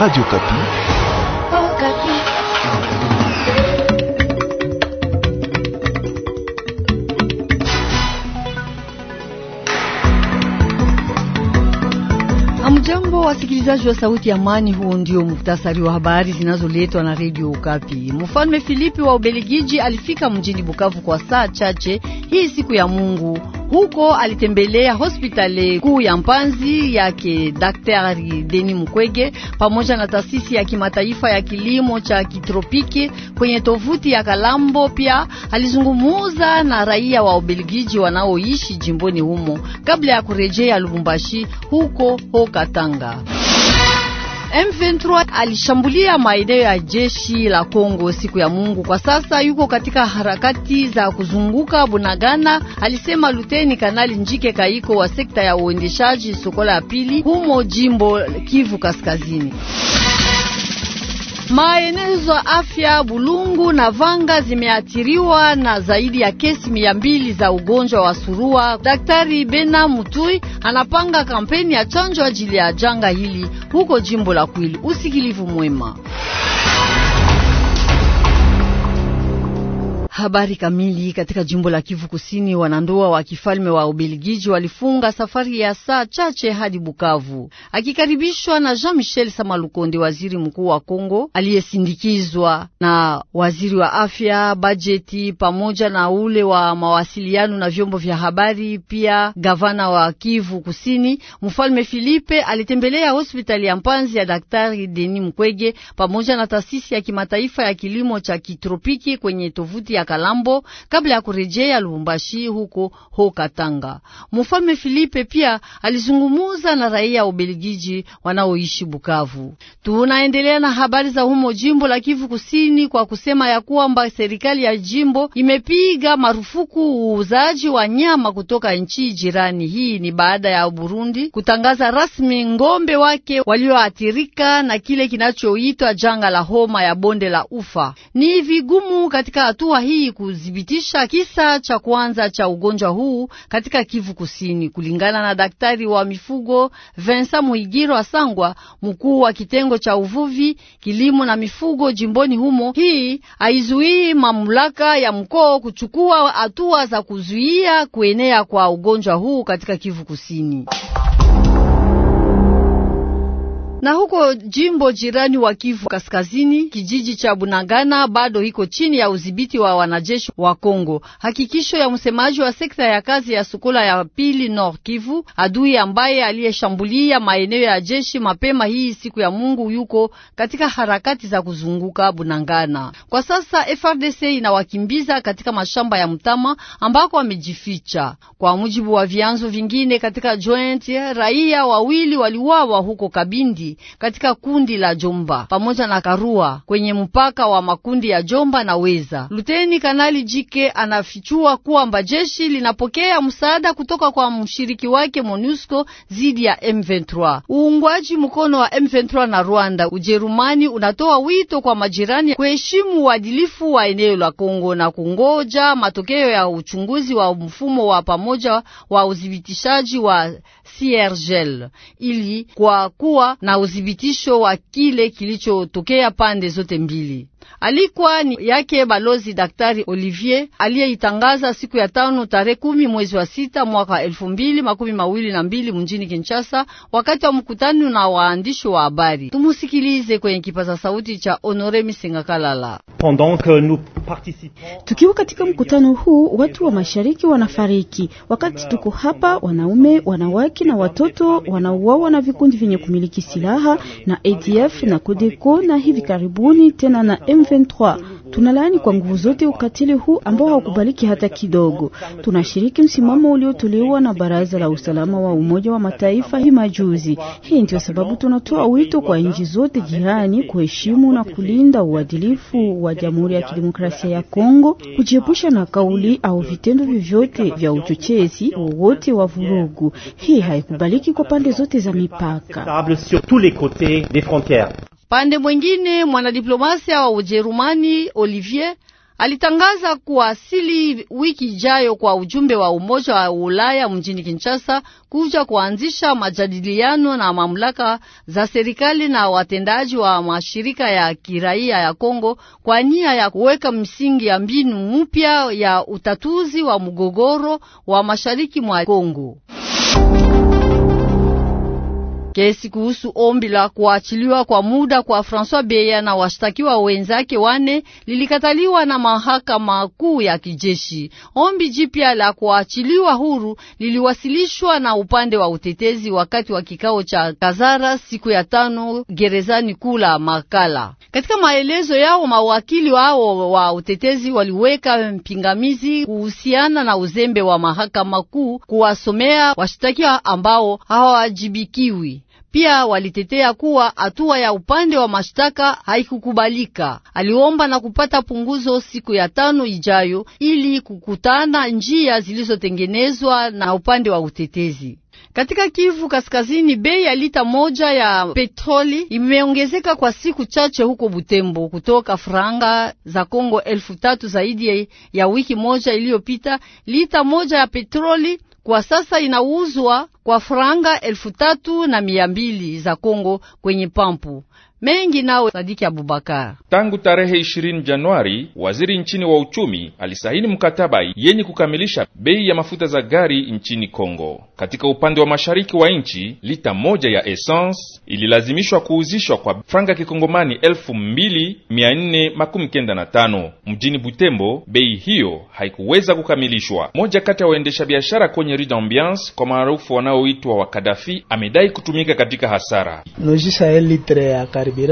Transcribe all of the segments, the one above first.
Radio Kapi. Oh, Kapi. Hamjambo wasikilizaji wa sauti ya amani, huo ndio muhtasari wa habari zinazoletwa na Radio Kapi. Mfalme Filipi wa Ubelgiji alifika mjini Bukavu kwa saa chache hii siku ya Mungu huko alitembelea hospitali kuu ya Mpanzi yake Daktari Deni Mukwege pamoja na taasisi ya kimataifa ya kilimo cha kitropiki kwenye tovuti ya Kalambo. Pia alizungumuza na raia wa Ubelgiji wanaoishi jimboni humo kabla ya kurejea Lubumbashi huko hokatanga katanga M23 alishambulia maeneo ya jeshi la Kongo siku ya Mungu. Kwa sasa yuko katika harakati za kuzunguka Bunagana, alisema Luteni Kanali Njike Kaiko wa sekta ya uendeshaji Sokola ya pili humo jimbo Kivu Kaskazini. Maeneo afya Bulungu na Vanga zimeathiriwa na zaidi ya kesi mia mbili za ugonjwa wa surua. Daktari Bena Mutui anapanga kampeni ya chanjo ajili ya janga hili huko jimbo la Kwili. Usikilivu mwema. Habari kamili. Katika jimbo la Kivu Kusini, wanandoa wa kifalme wa Ubelgiji walifunga safari ya saa chache hadi Bukavu. Akikaribishwa na Jean Michel Samalukonde, waziri mkuu wa Kongo aliyesindikizwa na waziri wa afya, bajeti pamoja na ule wa mawasiliano na vyombo vya habari, pia gavana wa Kivu Kusini, mfalme Filipe alitembelea hospitali ya Mpanzi ya Daktari Denis mkwege pamoja na taasisi ya kimataifa ya kilimo cha kitropiki kwenye tovuti ya Kalambo kabla ya kurejea Lubumbashi huko ho Katanga. Mfalme Filipe pia alizungumuza na raia wa Ubelgiji wanaoishi Bukavu. Tunaendelea na habari za humo jimbo la Kivu Kusini kwa kusema ya kwamba serikali ya jimbo imepiga marufuku uuzaji wa nyama kutoka nchi jirani. Hii ni baada ya Burundi kutangaza rasmi ngombe wake walioathirika na kile kinachoitwa janga la homa ya bonde la ufa. Ni vigumu katika hatua hii hii kuthibitisha kisa cha kwanza cha ugonjwa huu katika Kivu Kusini, kulingana na daktari wa mifugo Vincent Muigiro Asangwa, mkuu wa kitengo cha uvuvi, kilimo na mifugo jimboni humo. Hii haizuii mamlaka ya mkoa kuchukua hatua za kuzuia kuenea kwa ugonjwa huu katika Kivu Kusini. Na huko jimbo jirani wa Kivu Kaskazini, kijiji cha Bunagana bado iko chini ya udhibiti wa wanajeshi wa Kongo. Hakikisho ya msemaji wa sekta ya kazi ya Sukula ya pili Nord Kivu, adui ambaye aliyeshambulia maeneo ya jeshi mapema hii siku ya Mungu yuko katika harakati za kuzunguka Bunagana. Kwa sasa FRDC inawakimbiza katika mashamba ya mtama ambako wamejificha. Kwa mujibu wa vyanzo vingine katika joint, raia wawili waliuawa huko Kabindi katika kundi la Jomba pamoja na Karua kwenye mpaka wa makundi ya Jomba na Weza. Luteni Kanali Jike anafichua kwamba jeshi linapokea msaada kutoka kwa mshiriki wake MONUSCO zidi ya M23. Uungwaji mkono wa M23 na Rwanda, Ujerumani unatoa wito kwa majirani kuheshimu uadilifu wa eneo la Kongo na kungoja matokeo ya uchunguzi wa mfumo wa pamoja wa uzibitishaji wa CIRGL ili kwa kuwa na na uthibitisho wa kile kilichotokea pande zote mbili. Alikuwa ni yake balozi Daktari Olivier aliyeitangaza siku ya tano tarehe kumi mwezi wa sita mwaka elfu mbili makumi mawili na mbili mjini Kinshasa, wakati wa mkutano na waandishi wa habari. Tumusikilize kwenye kipaza sauti cha Honore Misenga Kalala. Tukiwa katika mkutano huu, watu wa mashariki wanafariki. Wakati tuko hapa, wanaume, wanawake na watoto wanauawa na vikundi vyenye kumiliki silaha na ADF na Kodeko na hivi karibuni tena na M23. Tunalaani kwa nguvu zote ukatili huu ambao haukubaliki hata kidogo. Tunashiriki msimamo uliotolewa na Baraza la Usalama wa Umoja wa Mataifa hii majuzi. Hii ndio sababu tunatoa wito kwa nchi zote jirani kuheshimu na kulinda uadilifu wa Jamhuri ya Kidemokrasia ya Kongo, kujiepusha na kauli au vitendo vyovyote vya uchochezi wowote wa vurugu. Hii haikubaliki kwa pande zote za mipaka. Pande mwengine, mwanadiplomasia wa Ujerumani Olivier alitangaza kuwasili wiki ijayo kwa ujumbe wa Umoja wa Ulaya mjini Kinshasa kuja kuanzisha majadiliano na mamlaka za serikali na watendaji wa mashirika ya kiraia ya Kongo kwa nia ya kuweka msingi ya mbinu mpya ya utatuzi wa mgogoro wa mashariki mwa Kongo. Kesi kuhusu ombi la kuachiliwa kwa muda kwa François Beya na washtakiwa wenzake wane lilikataliwa na mahakama kuu ya kijeshi. Ombi jipya la kuachiliwa huru liliwasilishwa na upande wa utetezi wakati wa kikao cha Kazara siku ya tano gerezani kula Makala. Katika maelezo yao, mawakili wao wa utetezi waliweka mpingamizi kuhusiana na uzembe wa mahakama kuu kuwasomea washtakiwa ambao hawajibikiwi. Pia walitetea kuwa hatua ya upande wa mashtaka haikukubalika. Aliomba na kupata punguzo siku ya tano ijayo ili kukutana njia zilizotengenezwa na upande wa utetezi. Katika Kivu Kaskazini, bei ya lita moja ya petroli imeongezeka kwa siku chache huko Butembo kutoka franga za Kongo elfu tatu zaidi ya wiki moja iliyopita. Lita moja ya petroli kwa sasa inauzwa kwa franga elfu tatu na mia mbili za Kongo kwenye pampu mengi nawe Sadiki Abubakar. Tangu tarehe 20 Januari, waziri nchini wa uchumi alisaini mkataba yenye kukamilisha bei ya mafuta za gari nchini Kongo. Katika upande wa mashariki wa nchi, lita moja ya essence ililazimishwa kuuzishwa kwa franga kikongomani elfu Mjini Butembo bei hiyo haikuweza kukamilishwa. Moja kati ya waendesha biashara kwenye Rue d'Ambiance kwa maarufu wanaoitwa wa Kadafi amedai kutumika katika hasara Nojisa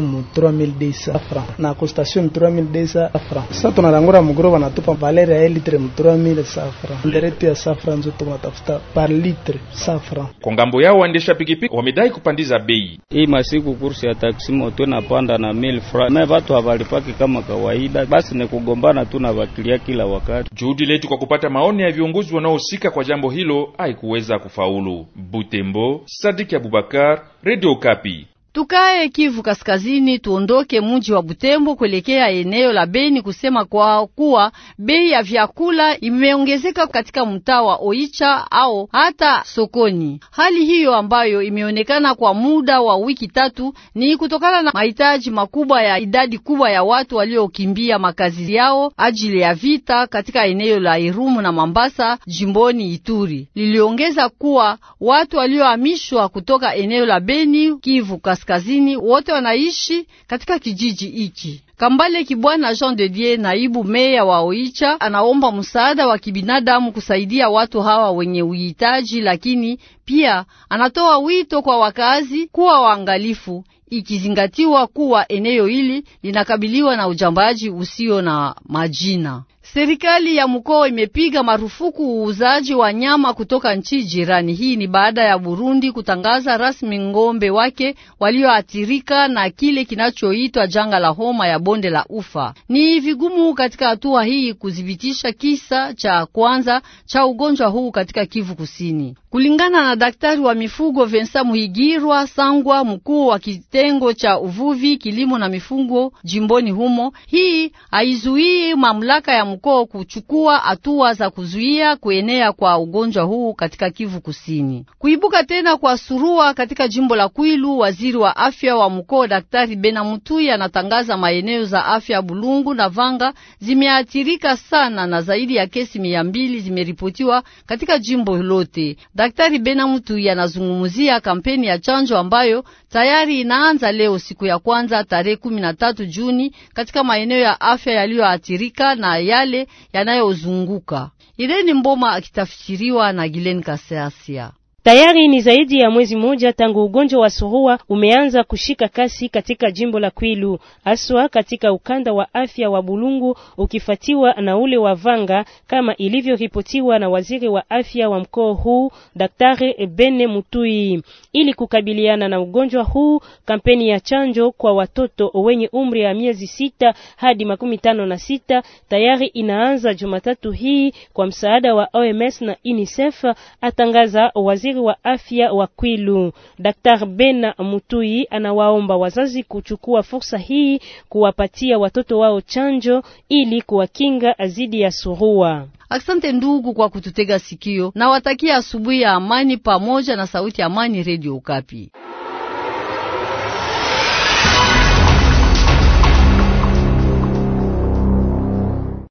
mu 3200 francs na ko station 3200 francs. sa langora Sasa tunalangura mugoro wanatupa valeur ya litre mu 3000 francs, ndereti ya safra nzo tunatafuta par litre francs ko ngambo yao waendesha pikipiki wamedai kupandiza bei hii masiku, kursi ya taksi moto inapanda na 1000 francs, na watu havalipaki kama kawaida, basi ni kugombana tu na wakilia kila wakati. Juhudi letu kwa kupata maoni ya viongozi wanaohusika kwa jambo hilo haikuweza kufaulu. Butembo, Sadiki Abubakar, Radio Kapi. Tukae Kivu Kaskazini, tuondoke mji wa Butembo kuelekea eneo la Beni kusema kwa kuwa bei ya vyakula imeongezeka katika mtaa wa Oicha au hata sokoni. Hali hiyo ambayo imeonekana kwa muda wa wiki tatu ni kutokana na mahitaji makubwa ya idadi kubwa ya watu waliokimbia makazi yao ajili ya vita katika eneo la Irumu na Mambasa jimboni Ituri. Liliongeza kuwa watu waliohamishwa kutoka eneo la Beni Kivu Kaskazini kaskazini wote wanaishi katika kijiji hiki. Kambale Kibwana Jean de Dieu, naibu meya wa Oicha, anaomba msaada wa kibinadamu kusaidia watu hawa wenye uhitaji, lakini pia anatoa wito kwa wakazi kuwa waangalifu, ikizingatiwa kuwa eneo hili linakabiliwa na ujambaji usio na majina. Serikali ya mkoa imepiga marufuku uuzaji wa nyama kutoka nchi jirani. Hii ni baada ya Burundi kutangaza rasmi ng'ombe wake walioathirika na kile kinachoitwa janga la homa ya bonde la ufa. Ni vigumu katika hatua hii kudhibitisha kisa cha kwanza cha ugonjwa huu katika Kivu Kusini. Kulingana na daktari wa mifugo Vensa Muhigirwa Sangwa, mkuu wa kitengo cha uvuvi, kilimo na mifugo jimboni humo, hii haizuii mamlaka ya mkoa kuchukua hatua za kuzuia kuenea kwa ugonjwa huu katika Kivu Kusini. Kuibuka tena kwa surua katika jimbo la Kwilu, waziri wa afya wa mkoa Daktari Bena Mutui anatangaza maeneo za afya Bulungu na Vanga zimeathirika sana na zaidi ya kesi mia mbili zimeripotiwa katika jimbo lote. Daktari benamutu yanazungumzia kampeni ya chanjo ambayo tayari inaanza leo siku ya kwanza tarehe 13 Juni katika maeneo ya afya yaliyoathirika na yale yanayozunguka. Ireni Mboma akitafsiriwa na Gilen Kasasia. Tayari ni zaidi ya mwezi mmoja tangu ugonjwa wa surua umeanza kushika kasi katika jimbo la Kwilu, haswa katika ukanda wa afya wa Bulungu ukifatiwa na ule wa Vanga, kama ilivyoripotiwa na waziri wa afya wa mkoa huu Daktari Bene Mutui. Ili kukabiliana na ugonjwa huu, kampeni ya chanjo kwa watoto wenye umri ya miezi sita hadi makumi tano na sita tayari inaanza Jumatatu hii kwa msaada wa OMS na UNICEF, atangaza waziri waziri wa afya wa Kwilu. Daktari Bena Mutui anawaomba wazazi kuchukua fursa hii kuwapatia watoto wao chanjo ili kuwakinga dhidi ya surua. Asante ndugu kwa kututega sikio, na watakia asubuhi ya amani pamoja na sauti ya amani, Radio Ukapi.